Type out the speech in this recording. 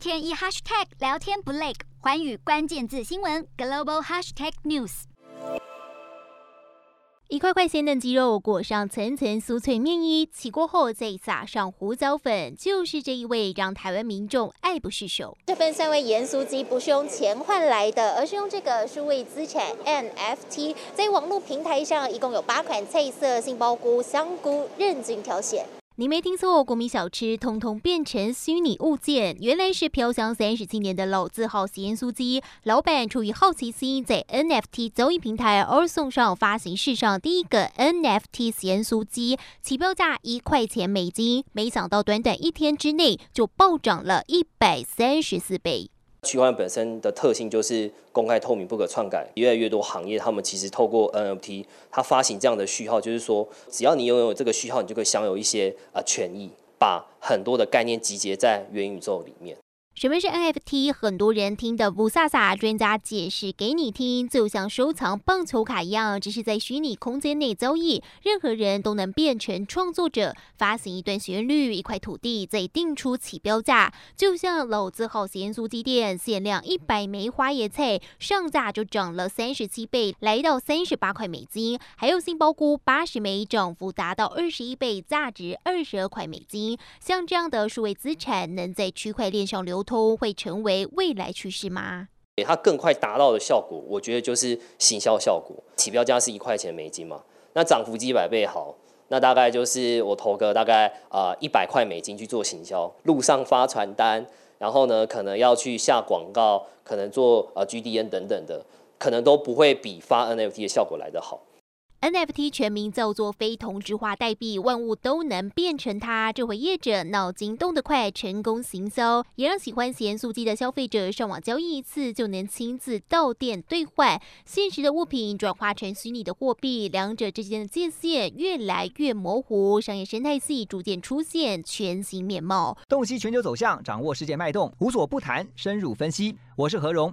天一 hashtag 聊天不 lag 寰宇關鍵字新聞 global hashtag news 一塊塊鮮嫩雞肉裹上層層酥脆面衣，起鍋後再撒上胡椒粉，就是這一味讓台灣民眾愛不釋手。這份三味鹽酥雞不是用錢換來的，而是用這個數位資產 NFT 在網絡平台上，一共有八款菜色杏鮑菇、香菇，任君挑選。你沒聽錯，國民小吃通通變成虛擬物件。原來是飄香三十七年的老字號鹹酥雞老闆出於好奇心，在 NFT 交易平台 OpenSea 上發行世上第一個 NFT 鹹酥雞，起標價一塊錢美金。沒想到短短一天之內就暴漲了一百三十四倍。區塊鏈本身的特性就是公開、透明、不可篡改。越來越多行業，他們其實透過 NFT，它發行這樣的序號，就是說，只要你擁有這個序號，你就可以享有一些啊權益，把很多的概念集結在元宇宙裡面。什麼是 NFT？很多人聽的霧煞煞，專家解釋給你聽，就像收藏棒球卡一樣，只是在虛擬空間內交易，任何人都能變成創作者，發行一段旋律、一塊土地，再定出起標價。就像老字號鹹酥雞店限量一百枚花椰菜，上架就漲了三十七倍，來到三十八塊美金；還有杏鮑菇八十枚，漲幅達到二十一倍，價值二十二塊美金。像這樣的數位資產能在區塊鏈上流通。會成為未來趨勢嗎？對，它更快達到的效果，我覺得就是行銷效果。起標價是一塊錢美金嘛，那漲幅幾百倍好，那大概就是我投個大概啊一百塊美金去做行銷，路上發傳單，然後呢，可能要去下廣告，可能做呃 GDN 等等的，可能都不會比發 NFT 的效果來得好。NFT 全名叫做非同質化代幣，萬物都能變成它。這回業者腦筋動得快，成功行銷，也讓喜歡鹹酥雞的消費者上網交易一次，就能親自到店兌換現實的物品，轉化成虛擬的貨幣，兩者之間的界限越來越模糊，商業生態系逐漸出現全新面貌。洞悉全球走向，掌握世界脈動，無所不談，深入分析。我是何榮。